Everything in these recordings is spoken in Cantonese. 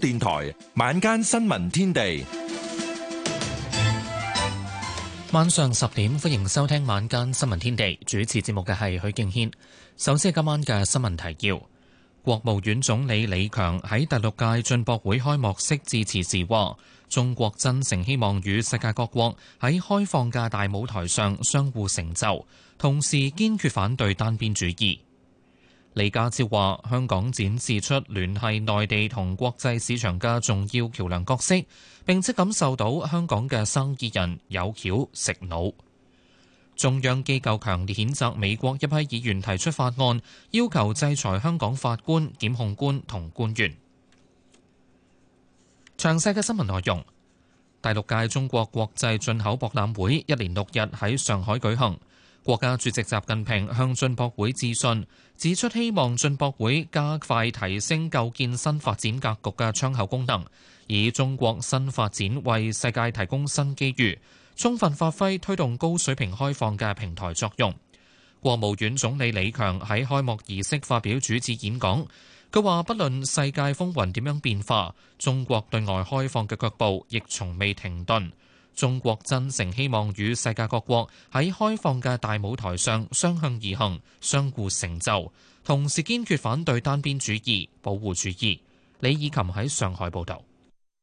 電台晚間新聞天地，晚上十點歡迎收聽晚間新聞天地。主持節目嘅係許敬軒。首先係今晚嘅新聞提要。國務院總理李強喺第六屆進博會開幕式致辭時話：中國真誠希望與世界各國喺開放嘅大舞台上相互成就，同時堅決反對單邊主義。李家超話：香港展示出聯繫內地同國際市場嘅重要橋梁角色，並且感受到香港嘅生意人有巧食腦。中央機構強烈譴責美國一批議員提出法案，要求制裁香港法官、檢控官同官員。詳細嘅新聞內容，第六屆中國國際進口博覽會一連六日喺上海舉行。國家主席習近平向進博會致信，指出希望進博會加快提升構建新發展格局嘅窗口功能，以中國新發展為世界提供新機遇，充分發揮推動高水平開放嘅平台作用。國務院總理李強喺開幕儀式發表主旨演講，佢話不論世界風雲點樣變化，中國對外開放嘅腳步亦從未停頓。中國真誠希望與世界各國喺開放嘅大舞台上相向而行，相互成就，同時堅決反對單邊主義、保護主義。李以琴喺上海報導。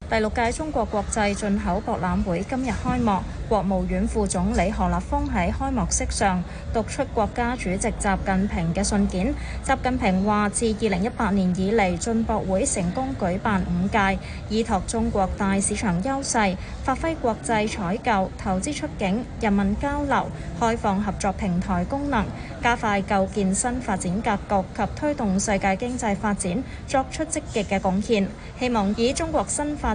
第六屆中國國際進口博覽會今日開幕，國務院副總理何立峰喺開幕式上讀出國家主席習近平嘅信件。習近平話：自二零一八年以嚟，進博會成功舉辦五屆，依託中國大市場優勢，發揮國際採購、投資出境、人民交流、開放合作平台功能，加快構建新發展格局及推動世界經濟發展作出積極嘅貢獻。希望以中國新發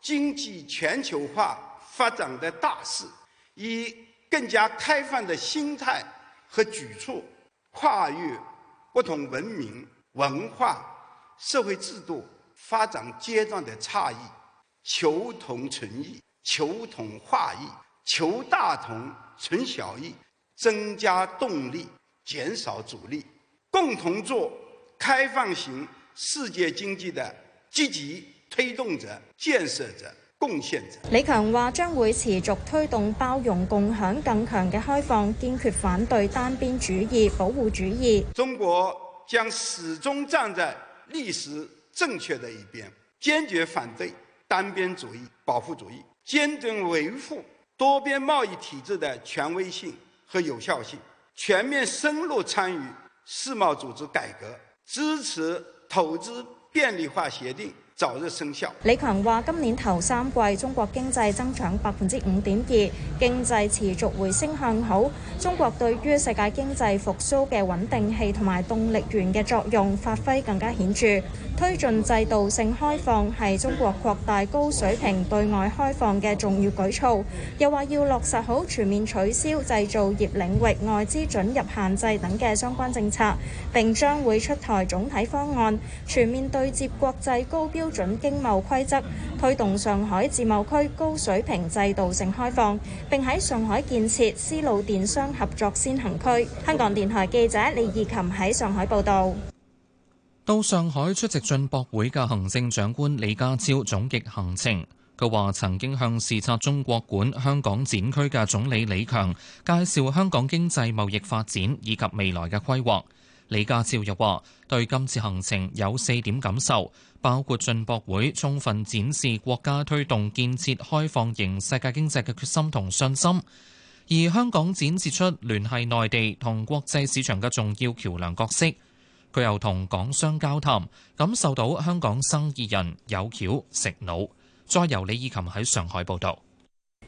經濟全球化發展的大勢，以更加開放的心態和舉措，跨越不同文明、文化、社會制度、發展階段的差異，求同存異，求同化異，求大同存小異，增加動力，減少阻力，共同做開放型世界經濟的積極。推動者、建設者、貢獻者。李強話：將會持續推動包容共享、更強的開放，堅決反對單邊主義、保護主義。中國將始終站在歷史正確的一邊，堅決反對單邊主義、保護主義，堅定維護多邊貿易體制的權威性和有效性，全面深入參與世貿組織改革，支持投資便利化協定。早日生效。李強話：今年頭三季中國經濟增長百分之五點二，經濟持續回升向好。中國對於世界經濟復蘇嘅穩定器同埋動力源嘅作用發揮更加顯著。推進制度性開放係中國擴大高水平對外開放嘅重要舉措。又話要落實好全面取消製造業領域外資准入限制等嘅相關政策，並將會出台總體方案，全面對接國際高標準。準經貿規則，推動上海自貿區高水平制度性開放，並喺上海建設絲路電商合作先行區。香港電台記者李義琴喺上海報道。到上海出席進博會嘅行政長官李家超總結行程，佢話曾經向視察中國館香港展區嘅總理李強介紹香港經濟貿易發展以及未來嘅規劃。李家超又話：對今次行程有四點感受，包括進博會充分展示國家推動建設開放型世界經濟嘅決心同信心，而香港展示出聯繫內地同國際市場嘅重要橋梁角色。佢又同港商交談，感受到香港生意人有橋食腦。再由李以琴喺上海報導。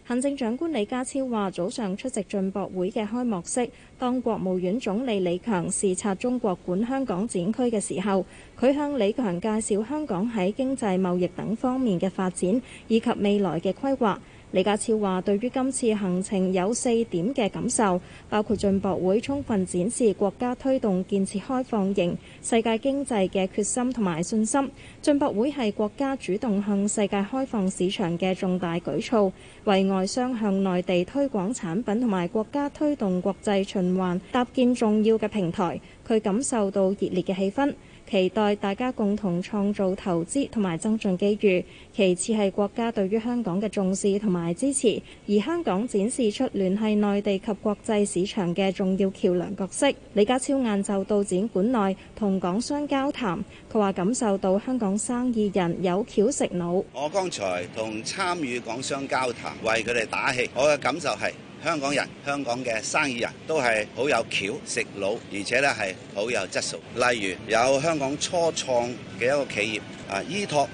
行政長官李家超話：早上出席進博會嘅開幕式，當國務院總理李強視察中國館香港展區嘅時候，佢向李強介紹香港喺經濟、貿易等方面嘅發展，以及未來嘅規劃。李家超話：對於今次行程有四點嘅感受，包括進博會充分展示國家推動建設開放型世界經濟嘅決心同埋信心。進博會係國家主動向世界開放市場嘅重大舉措，為外商向內地推廣產品同埋國家推動國際循環搭建重要嘅平台。佢感受到熱烈嘅氣氛。期待大家共同創造投資同埋增進機遇。其次係國家對於香港嘅重視同埋支持，而香港展示出聯繫內地及國際市場嘅重要橋樑角色。李家超晏晝到展館內同港商交談，佢話感受到香港生意人有橋食腦，我剛才同參與港商交談，為佢哋打氣，我嘅感受係。香港人、香港嘅生意人都係好有橋、食腦，而且咧係好有質素。例如有香港初創嘅一個企業啊，依託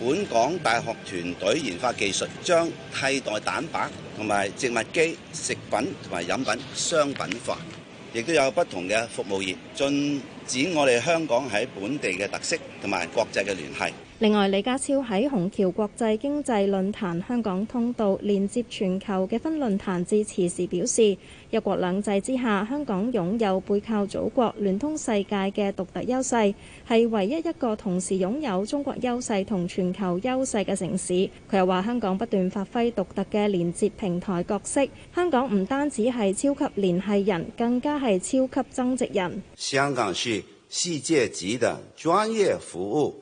本港大學團隊研發技術，將替代蛋白同埋植物基食品同埋飲品商品化，亦都有不同嘅服務業進展。我哋香港喺本地嘅特色同埋國際嘅聯繫。另外，李家超喺虹橋國際經濟論壇香港通道連接全球嘅分論壇致辭時表示：一國兩制之下，香港擁有背靠祖國聯通世界嘅獨特優勢，係唯一一個同時擁有中國優勢同全球優勢嘅城市。佢又話香港不斷發揮獨特嘅連接平台角色，香港唔單止係超級聯繫人，更加係超級增值人。香港是世界級的專業服務。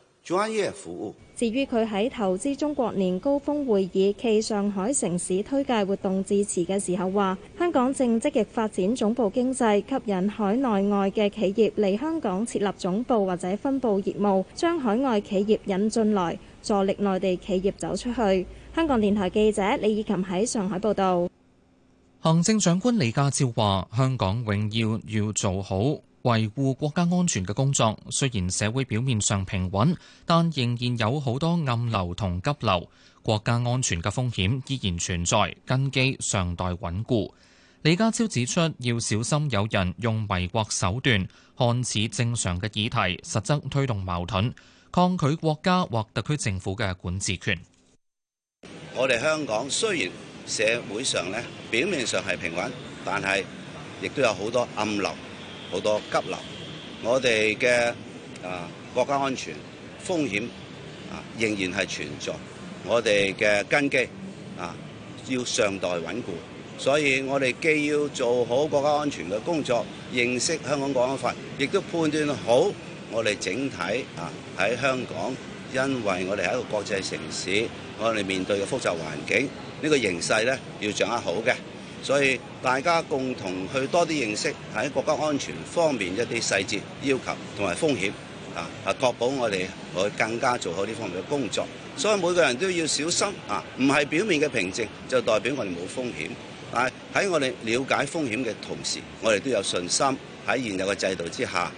專業。至於佢喺投資中國年高峰會議暨上海城市推介活動致辭嘅時候話，香港正積極發展總部經濟，吸引海內外嘅企業嚟香港設立總部或者分部業務，將海外企業引進來，助力內地企業走出去。香港電台記者李以琴喺上海報道。行政長官李家超話：香港永要要做好。維護國家安全嘅工作雖然社會表面上平穩，但仍然有好多暗流同急流，國家安全嘅風險依然存在，根基尚待穩固。李家超指出，要小心有人用迷惑手段，看似正常嘅議題，實則推動矛盾，抗拒國家或特區政府嘅管治權。我哋香港雖然社會上呢表面上係平穩，但係亦都有好多暗流。好多急流，我哋嘅啊國家安全風險啊仍然係存在，我哋嘅根基啊要尚待穩固，所以我哋既要做好國家安全嘅工作，認識香港國安法，亦都判斷好我哋整體啊喺香港，因為我哋係一個國際城市，我哋面對嘅複雜環境呢個形勢咧，要掌握好嘅。所以大家共同去多啲認識喺國家安全方面一啲細節要求同埋風險啊，啊確保我哋可以更加做好呢方面嘅工作。所以每個人都要小心啊，唔係表面嘅平靜就代表我哋冇風險。啊喺我哋了解風險嘅同時，我哋都有信心喺現有嘅制度之下，啊、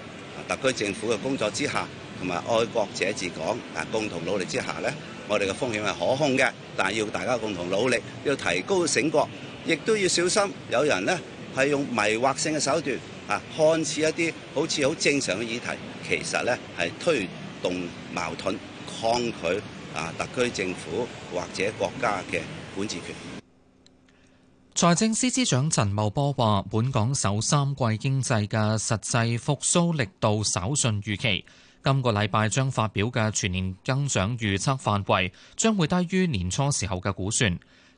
特區政府嘅工作之下，同埋愛國者治港啊，共同努力之下咧，我哋嘅風險係可控嘅。但係要大家共同努力，要提高醒覺。亦都要小心，有人呢，係用迷惑性嘅手段，啊，看似一啲好似好正常嘅議題，其實呢，係推動矛盾抗拒啊，特區政府或者國家嘅管治權。財政司司司長陳茂波話，本港首三季經濟嘅實際復蘇力度稍遜預期，今個禮拜將發表嘅全年增長預測範圍將會低於年初時候嘅估算。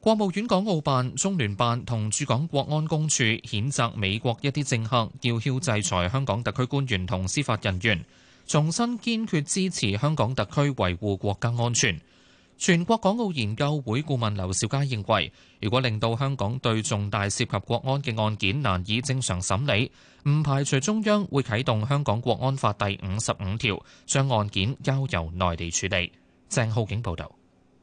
國務院港澳辦、中聯辦同駐港國安公署譴責美國一啲政客叫囂制裁香港特區官員同司法人員，重申堅決支持香港特區維護國家安全。全國港澳研究會顧問劉兆佳認為，如果令到香港對重大涉及國安嘅案件難以正常審理，唔排除中央會啟動香港國安法第五十五條，將案件交由內地處理。鄭浩景報道。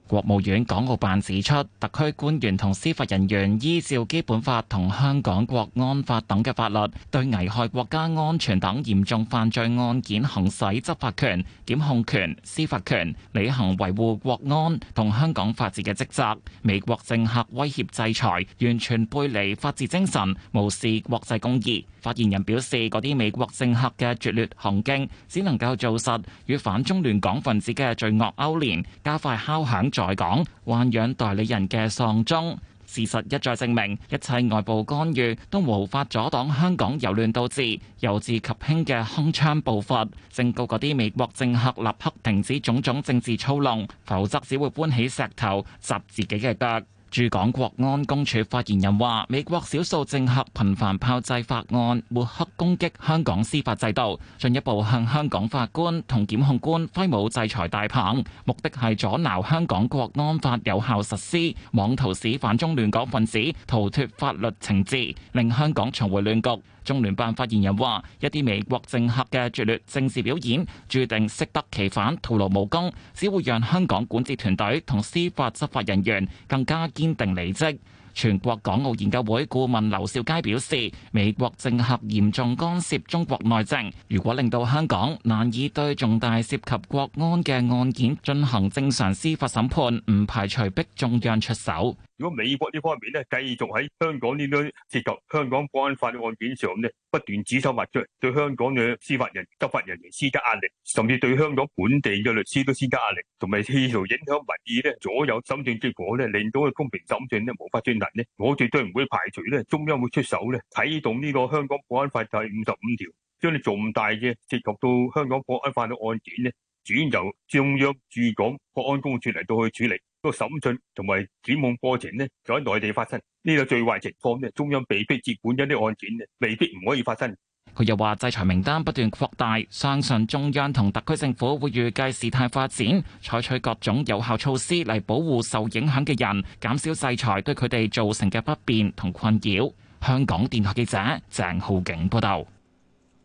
國務院港澳辦指出，特區官員同司法人員依照基本法同香港國安法等嘅法律，對危害國家安全等嚴重犯罪案件行使執法權、檢控權、司法權，履行維護國安同香港法治嘅職責。美國政客威脅制裁，完全背離法治精神，無視國際公義。發言人表示，嗰啲美國政客嘅拙劣行徑，只能夠做實與反中亂港分子嘅罪惡勾連，加快敲響在港豢養代理人嘅喪鐘。事實一再證明，一切外部干預都無法阻擋香港由亂到治、由治及興嘅鏗鏘步伐。正告嗰啲美國政客，立刻停止種種政治操弄，否則只會搬起石頭砸自己嘅腳。駐港國安公署發言人話：美國少數政客頻繁炮製法案，抹黑攻擊香港司法制度，進一步向香港法官同檢控官揮舞制裁大棒，目的係阻撓香港國安法有效實施，妄圖使反中亂港分子逃脫法律懲治，令香港重回亂局。中聯辦發言人話：一啲美國政客嘅拙劣政治表演，注定適得其反、徒勞無功，只會讓香港管治團隊同司法執法人員更加堅定履職。全國港澳研究會顧問劉兆佳表示：美國政客嚴重干涉中國內政，如果令到香港難以對重大涉及國安嘅案件進行正常司法審判，唔排除逼中央出手。如果美國呢方面咧繼續喺香港呢啲涉及香港國安法嘅案件上咧不斷指手畫腳，對香港嘅司法人執法人員施加壓力，甚至對香港本地嘅律師都施加壓力，同埋試圖影響民意咧，左右審判結果咧，令到公平審判咧無法進行咧，我絕對唔會排除咧中央會出手咧，啟動呢個香港國安法第五十五條將你重大嘅涉及到香港國安法嘅案件咧，轉由中央駐港國安公署嚟到去處,處理。個審訊同埋指控過程呢，就喺內地發生呢個最壞情況咧。中央被迫接管一啲案件嘅，未必唔可以發生。佢又話制裁名單不斷擴大，相信中央同特區政府會預計事態發展，採取各種有效措施嚟保護受影響嘅人，減少制裁對佢哋造成嘅不便同困擾。香港電台記者鄭浩景報道。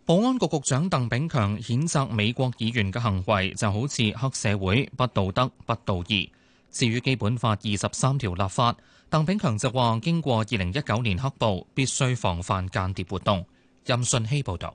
保安局局長鄧炳強譴責美國議員嘅行為就好似黑社會，不道德、不道義。至於基本法二十三條立法，鄧炳強就話經過二零一九年黑暴，必須防範間諜活動，任舜熙報道。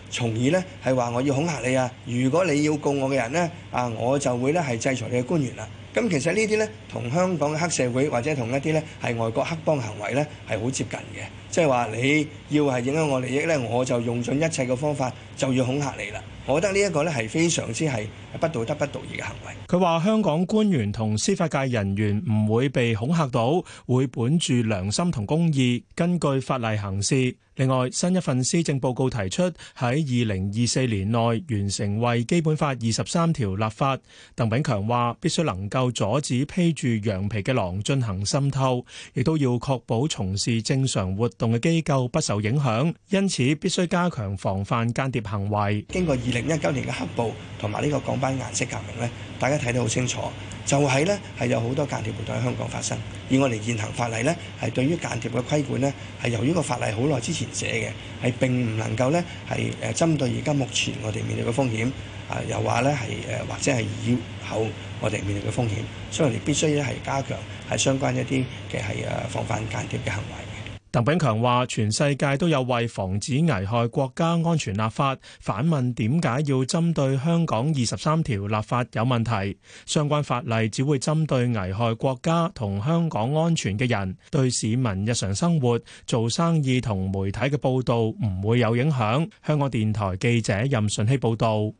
從而呢，係話我要恐嚇你啊，如果你要告我嘅人呢，啊，我就會呢係制裁你嘅官員啦。咁其實呢啲呢，同香港嘅黑社會或者同一啲呢係外國黑幫行為呢係好接近嘅，即係話你要係影響我利益呢，我就用盡一切嘅方法就要恐嚇你啦。我覺得呢一個呢係非常之係，不道德、不道義嘅行為。佢話：香港官員同司法界人員唔會被恐嚇到，會本住良心同公義，根據法例行事。另外，新一份施政報告提出喺2024年內完成為基本法二十三條立法。鄧炳強話：必須能夠阻止披住羊皮嘅狼進行滲透，亦都要確保從事正常活動嘅機構不受影響。因此，必須加強防範間諜行為。經過2019年嘅黑暴同埋呢個港，班顏色革命咧，大家睇得好清楚，就係咧係有好多間諜活動喺香港發生。以我哋現行法例咧，係對於間諜嘅規管咧，係由於個法例好耐之前寫嘅，係並唔能夠咧係誒針對而家目前我哋面對嘅風險，啊又話咧係誒或者係以後我哋面對嘅風險，所以我哋必須咧係加強係相關一啲嘅係誒防範間諜嘅行為。鄧炳強話：全世界都有為防止危害國家安全立法，反問點解要針對香港二十三條立法有問題？相關法例只會針對危害國家同香港安全嘅人，對市民日常生活、做生意同媒體嘅報道唔會有影響。香港電台記者任順希報道。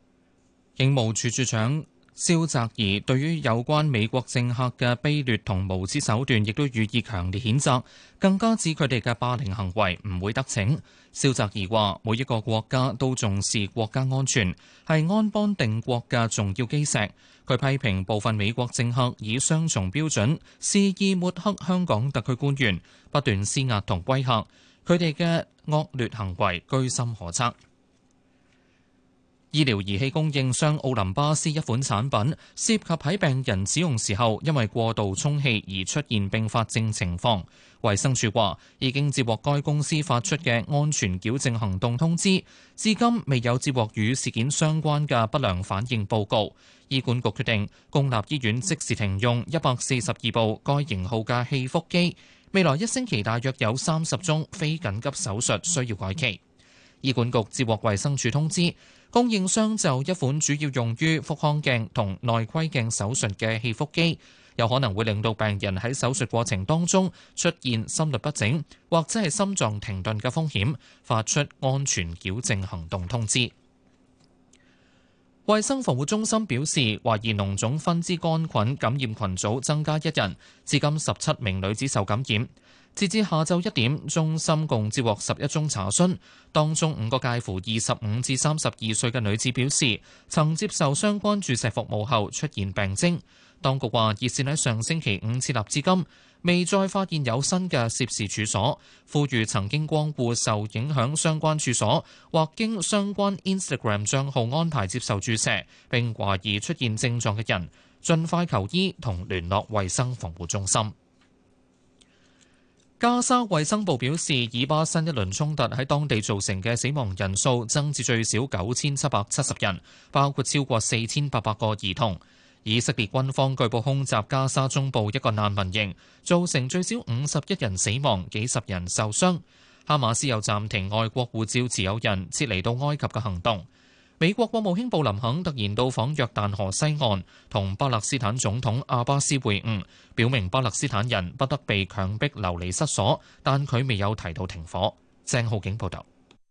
警務處處長。蕭澤頤對於有關美國政客嘅卑劣同無知手段，亦都予以強烈譴責，更加指佢哋嘅霸凌行為唔會得逞。蕭澤頤話：每一個國家都重視國家安全，係安邦定國嘅重要基石。佢批評部分美國政客以雙重標準，肆意抹黑香港特區官員，不斷施壓同威嚇，佢哋嘅惡劣行為居心叵測。醫療儀器供應商奧林巴斯一款產品涉及喺病人使用時候因為過度充氣而出現併發症情況，衛生署話已經接獲該公司發出嘅安全矯正行動通知，至今未有接獲與事件相關嘅不良反應報告。醫管局決定公立醫院即時停用一百四十二部該型號嘅氣腹機，未來一星期大約有三十宗非緊急手術需要改期。醫管局接獲衛生署通知，供應商就一款主要用於腹腔鏡同內窺鏡手術嘅氣腹機，有可能會令到病人喺手術過程當中出現心律不整或者係心臟停頓嘅風險，發出安全矯正行動通知。衛生防護中心表示，懷疑膿腫分支桿菌感染群組增加一人，至今十七名女子受感染。截至下晝一點，中心共接獲十一宗查詢，當中五個介乎二十五至三十二歲嘅女子表示，曾接受相關注射服務後出現病徵。當局話熱線喺上星期五設立至今，未再發現有新嘅涉事處所，呼籲曾經光顧受影響相關處所或經相關 Instagram 賬號安排接受注射並懷疑出現症狀嘅人，盡快求醫同聯絡衛生防護中心。加沙衛生部表示，以巴新一輪衝突喺當地造成嘅死亡人數增至最少九千七百七十人，包括超過四千八百個兒童。以色列軍方據報空襲加沙中部一個難民營，造成最少五十一人死亡，幾十人受傷。哈馬斯又暫停外國護照持有人撤離到埃及嘅行動。美國國務卿布林肯突然到訪約旦河西岸，同巴勒斯坦總統阿巴斯會晤，表明巴勒斯坦人不得被強逼流離失所，但佢未有提到停火。鄭浩景報道：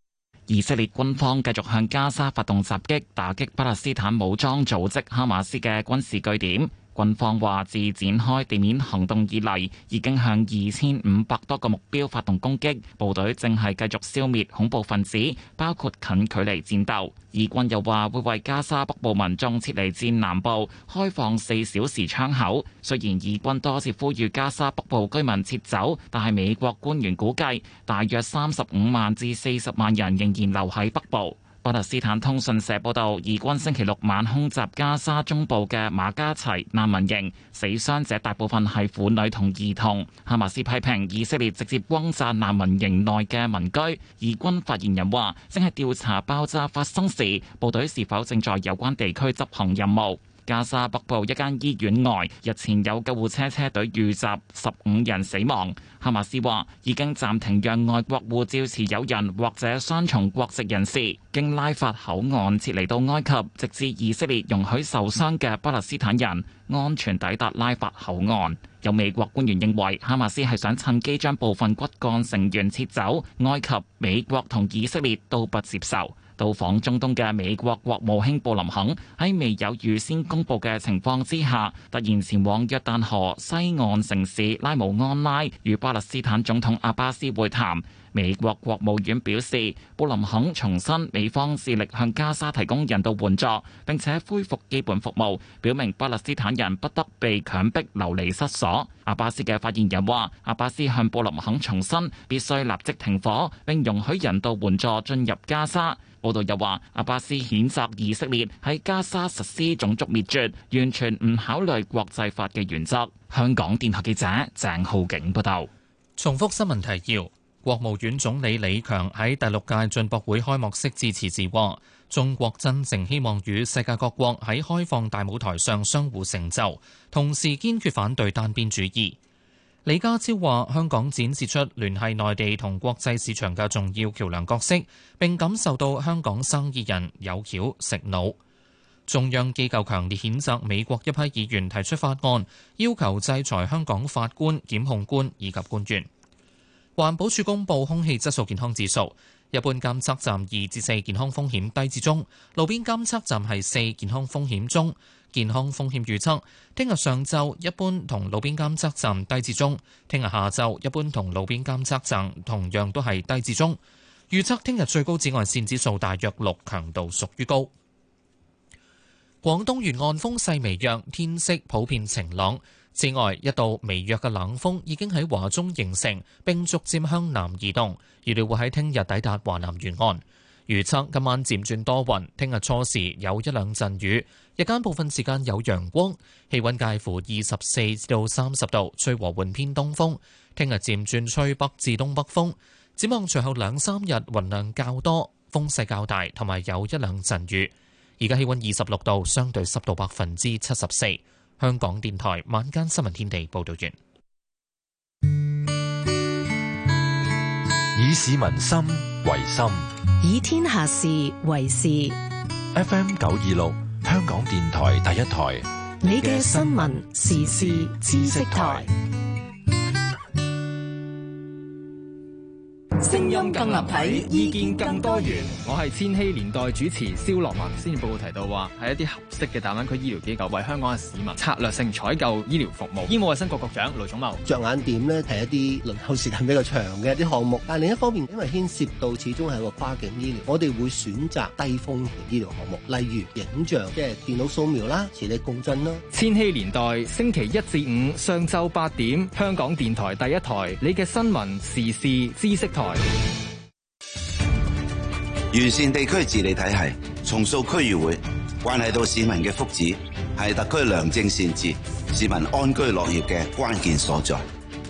「以色列軍方繼續向加沙發動襲擊，打擊巴勒斯坦武裝組織哈馬斯嘅軍事據點。軍方話自展開地面行動以嚟，已經向二千五百多個目標發動攻擊，部隊正係繼續消滅恐怖分子，包括近距離戰鬥。以軍又話會為加沙北部民眾撤離至南部開放四小時窗口。雖然以軍多次呼籲加沙北部居民撤走，但係美國官員估計，大約三十五萬至四十萬人仍然留喺北部。巴勒斯坦通訊社報道，以軍星期六晚空襲加沙中部嘅馬加齊難民營，死傷者大部分係婦女同兒童。哈馬斯批評以色列直接轟炸難民營內嘅民居。以軍發言人話，正係調查爆炸發生時，部隊是否正在有關地區執行任務。加沙北部一間醫院外，日前有救護車車隊遇襲，十五人死亡。哈馬斯話已經暫停讓外國護照持有人或者雙重國籍人士經拉法口岸撤離到埃及，直至以色列容許受傷嘅巴勒斯坦人安全抵達拉法口岸。有美國官員認為，哈馬斯係想趁機將部分骨幹成員撤走，埃及、美國同以色列都不接受。到訪中東嘅美國國務卿布林肯喺未有預先公布嘅情況之下，突然前往約旦河西岸城市拉姆安拉與巴勒斯坦總統阿巴斯會談。美國國務院表示，布林肯重申美方致力向加沙提供人道援助，並且恢復基本服務，表明巴勒斯坦人不得被強迫流離失所。阿巴斯嘅發言人話，阿巴斯向布林肯重申，必須立即停火，並容許人道援助進入加沙。報道又話，阿巴斯譴責以色列喺加沙實施種族滅絕，完全唔考慮國際法嘅原則。香港電台記者鄭浩景報道。重複新聞提要：國務院總理李強喺第六屆進博會開幕式致辭時話，中國真誠希望與世界各國喺開放大舞台上相互成就，同時堅決反對單邊主義。李家超話：香港展示出聯繫內地同國際市場嘅重要橋梁角色，並感受到香港生意人有橋食腦。中央機構強烈譴責美國一批議員提出法案，要求制裁香港法官、檢控官以及官員。環保署公布空氣質素健康指數，一般監測站二至四，健康風險低至中，路邊監測站係四，健康風險中。健康風險預測，聽日上晝一般同路邊監測站低至中；聽日下晝一般同路邊監測站同樣都係低至中。預測聽日最高紫外線指數大約六，強度屬於高。廣東沿岸風勢微弱，天色普遍晴朗。此外，一道微弱嘅冷鋒已經喺華中形成，並逐漸向南移動，預料會喺聽日抵達華南沿岸。預測今晚漸轉多雲，聽日初時有一兩陣雨。日間部分時間有陽光，氣溫介乎二十四至三十度，吹和緩偏東風。聽日漸轉吹北至東北風。展望隨後兩三日雲量較多，風勢較大，同埋有一兩陣雨。而家氣溫二十六度，相對濕度百分之七十四。香港電台晚間新聞天地報道完。以市民心為心，以天下事為事。F.M. 九二六。香港電台第一台，你嘅新聞時事知識台。聲音更立體，意見更多元。我係千禧年代主持蕭樂文。先日報告提到話，喺一啲合適嘅大灣區醫療機構為香港嘅市民策略性採購醫療服務。醫務衛生局局長盧寵茂，着眼點呢係一啲輪候時間比較長嘅一啲項目，但另一方面因為牽涉到始終係一個跨境醫療，我哋會選擇低風險醫療項目，例如影像，即係電腦掃描啦、磁力共振啦。千禧年代星期一至五上晝八點，香港電台第一台，你嘅新聞時事知識台。完善地區治理體系，重塑區議會，關係到市民嘅福祉，係特區良政善治、市民安居樂業嘅關鍵所在。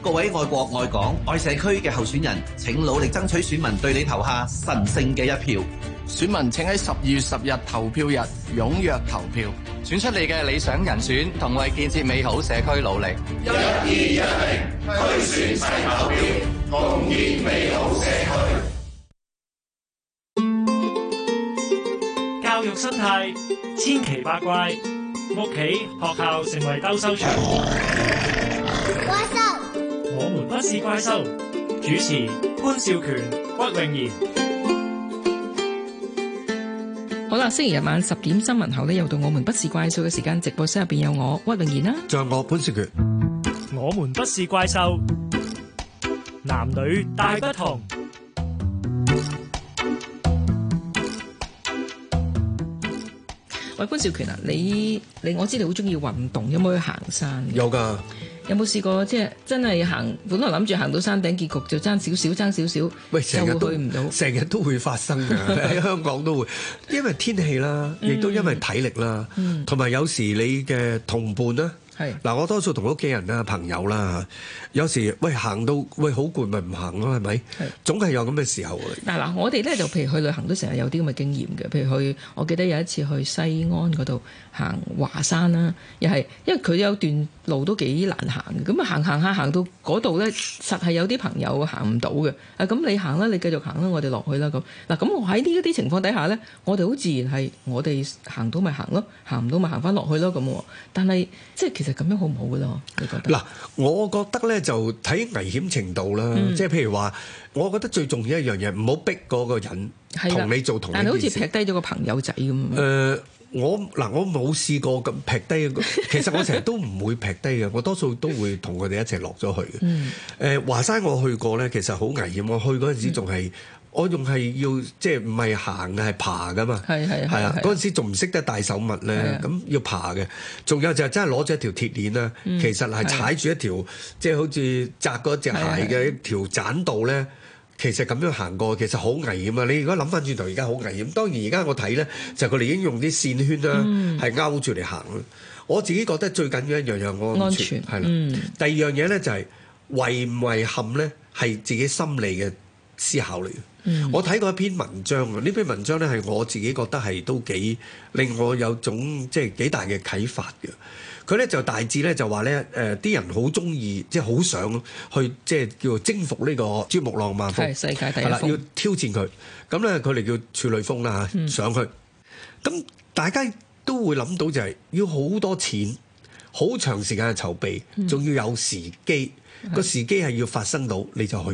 各位愛國、愛港、愛社區嘅候選人，請努力爭取選民對你投下神聖嘅一票。選民請喺十二月十日投票日踴躍投票，選出你嘅理想人選，同為建設美好社區努力。一是、二、一零，區選投票。共建美好社區，教育生態千奇百怪，屋企、學校成為鬥獸場。怪獸，我們不是怪獸。主持潘少權、屈穎妍。好啦，星期日晚十點新聞後呢，又到我們不是怪獸嘅時間。直播室入邊有我屈穎妍啦，像我潘少權。我們不是怪獸。男女大不同。喂，官兆權啊，你你我知你好中意運動，有冇去行山？有噶的，有冇試過即係真係行？本來諗住行到山頂，結局就爭少少，爭少少。喂，成日都唔到，成日都會發生噶喺 香港都會，因為天氣啦，亦都因為體力啦，同埋、嗯嗯、有，有時你嘅同伴啦。係嗱是，我多數同屋企人啊、朋友啦，有時喂行到喂好攰，咪唔行咯，係咪？係是，總係有咁嘅時候。嗱嗱，我哋咧就譬如去旅行都成日有啲咁嘅經驗嘅，譬如去，我記得有一次去西安嗰度行華山啦、啊，又係因為佢有段路都幾難行，咁啊行行下行，行，行到嗰度咧，實係有啲朋友行唔到嘅。咁、啊、你行啦，你繼續行啦，我哋落去啦咁。嗱，咁我喺呢一啲情況底下咧，我哋好自然係我哋行到咪行咯，行唔到咪行翻落去咯咁。但係即係。其實咁樣好唔好噶咯？你覺得？嗱，我覺得咧就睇危險程度啦。嗯、即係譬如話，我覺得最重要一樣嘢，唔好逼嗰個人同你做同一樣嘢。但係好似劈低咗個朋友仔咁。誒、呃，我嗱我冇試過咁劈低。其實我成日都唔會劈低嘅， 我多數都會同佢哋一齊落咗去嘅。誒、嗯呃，華山我去過咧，其實好危險。我去嗰陣時仲係。嗯我仲係要即係唔係行嘅係爬噶嘛，係係啊！嗰陣時仲唔識得帶手襪咧，咁是要爬嘅。仲有就係真係攞咗一條鐵鏈啊，其實係踩住一條即係好似扎嗰隻鞋嘅一條棧道咧，其實咁樣行過其實好危險啊！你如果諗翻轉頭，而家好危險。當然而家我睇咧，就佢、是、哋已經用啲線圈啦，係勾住嚟行。我自己覺得最緊要一樣嘢安全係啦、嗯。第二樣嘢咧就係、是、遺唔遺憾咧，係自己心理嘅思考嚟嘅。我睇過一篇文章啊，呢篇文章咧係我自己覺得係都幾令我有種即係幾大嘅啟發嘅。佢咧就大致咧就話咧，誒啲人好中意即係好想去即係叫做征服呢個珠穆朗瑪峯，世界第一峯要挑戰佢。咁咧佢哋叫處女峰啦吓上去。咁、嗯、大家都會諗到就係、是、要好多錢好長時間嘅籌備，仲要有時機個、嗯、時機係要發生到你就去。